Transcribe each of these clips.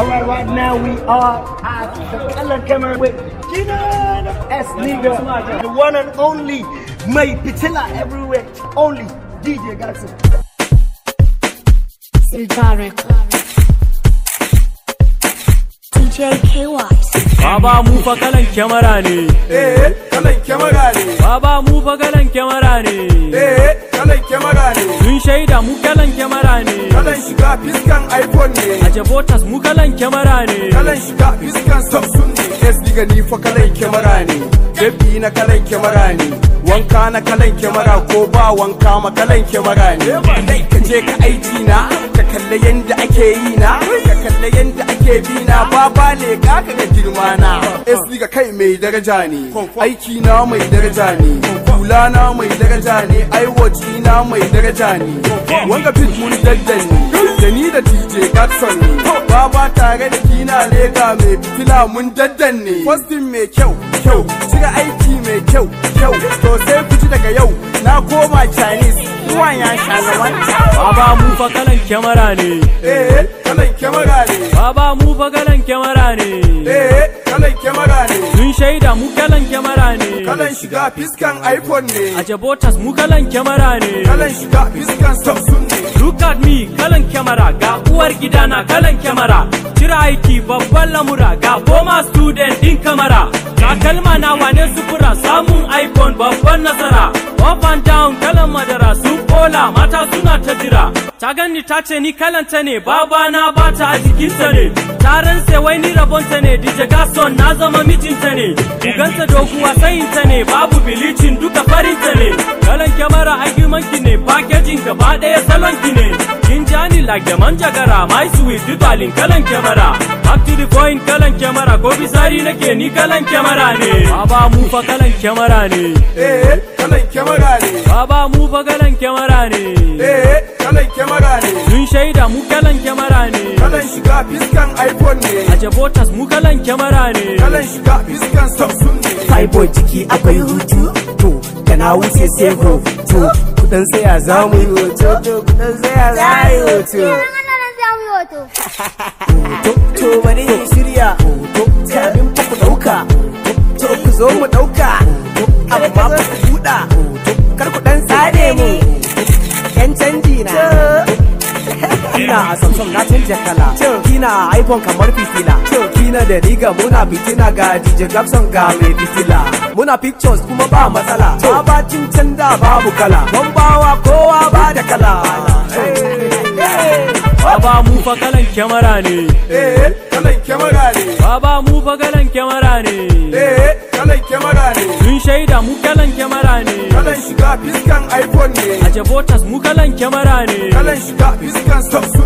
All right, right now we are at the color camera with Gina S. Nigga, the one and only May Pitilla everywhere, only DJ Galaxy. DJ KY. Baba move fa kalan camera, ni. Eh, kalan camera. baba mu fa galan kyamara ne eh galan kyamara ne sun shaida mu galan kyamara ne galan shiga fiskan iphone ne a jabotas mu kalan kyamara ne galan shiga fiskan samsung ne sd gani fa galan kyamara ne baby na galan kyamara ne wanka na kalan kyamara ko ba wanka ma kalan kyamara ne ka je ka aiki na ka kalle yanda ake yi na kalle yadda ake bina baba ne ga kaga girma na es ni kai mai daraja ne aiki na mai daraja ne kula na mai daraja ne aiwaci na mai daraja ne wanga fit mun daddan da ni da DJ Gatson ne baba tare da kina lega mai fitila mun daddan ne mai kyau kyau shiga aiki mai kyau kyau to sai fiti daga yau na koma Chinese zuwa ya shagawan baba mu fa kalan kyamara ne eh, eh kalan kyamara ne baba mu fa kalan kyamara ne eh, eh kalan kyamara ne sun shaida mu kalan kyamara ne kalan shiga fiskan iphone ne a jabotas mu kalan kyamara ne kalan shiga fiskan samsung ne Start me kalan kyamara ga uwar gidana kalan kyamara Cira aiki babban lamura ga goma student din kamara kalma na wane sufura samun iPhone babban nasara Up and down kalan madara su kola mata suna ta jira Ta gani ta ce ni kalanta ne babana ba ta a jikinta ne Taron sai wai ni rabonta ne DJ son na zama mijinta ne Buganta doguwa sayinta ne babu bilicin duka farinta ne Kalan kyamara argument ne ba Aikin gaba ɗaya salon ki ne. Kin ja ni like da manjagara, my sweet dutalin kalan kyamara. Up to the point kalan kyamara, ko bisari nake ni kalan kyamara ne. Baba mu fa kalan kyamara ne. Eh, kalan kyamara ne. Baba mu fa kalan kyamara ne. Eh, kalan kyamara ne. Sun shaida mu kalan kyamara ne. Kalan shiga fiskan iPhone ne. A Jabotas mu kalan kyamara ne. Kalan shiga fiskan Samsung ne. Cyborg jiki akwai hutu. To ka na wuce sai go to kudan saya za mu yi hoto to kudan saya za mu yi hoto hoto to bari ya shirya hoto kamin ku dauka to ku zo mu dauka amma ba ku buɗa kar ku dan tsare mu yan canji na ina a samsung na canja kala kina iphone kamar fifila na da riga muna fitina ga dj gabson ga mai fitila muna pictures kuma ba matsala ma ba canza babu kala ban bawa kowa ba da kala Baba mu fa kalan kyamara ne. Eh, kalan kyamara ne. Baba mu fa kalan kyamara ne. Eh, kalan kyamara ne. Sun shaida mu kalan kyamara ne. Kalan shiga fiskan iPhone ne. A jabotas mu kalan kyamara ne. Kalan shiga fiskan Stops.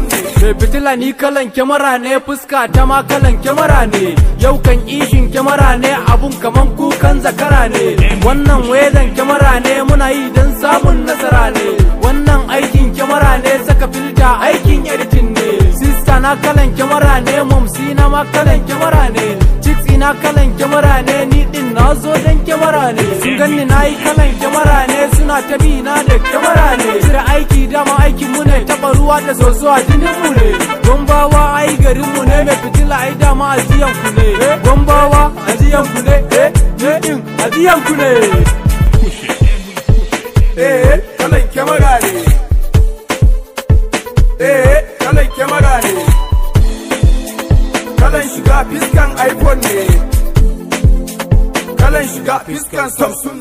fitila ni kalan kyamara ne fuska ta ma kalan kyamara ne yau kan ishin kyamara ne abun kaman kukan zakara ne wannan wedan kyamara ne muna yi don samun nasara ne wannan aikin kyamara ne saka filta aikin editing ne sista na kalan kyamara ne momsi na ma kalan kyamara ne na kalan kyamara ne ni din na zo dan kyamara ne sun ganni na yi kalan kyamara ne suna ta bi na da kyamara ne jira aiki dama aikin mu ne taɓa ruwa da zozuwa jinin mu ne gombawa ai garin mu ne mai fitila ai dama ajiyan ku ne eh, gombawa ajiyan ku ne eh ne din ajiyan ku ne eh kalan kyamara ne eh kalan kyamara ne fiskan iphone ne kalan shiga fiskan samsung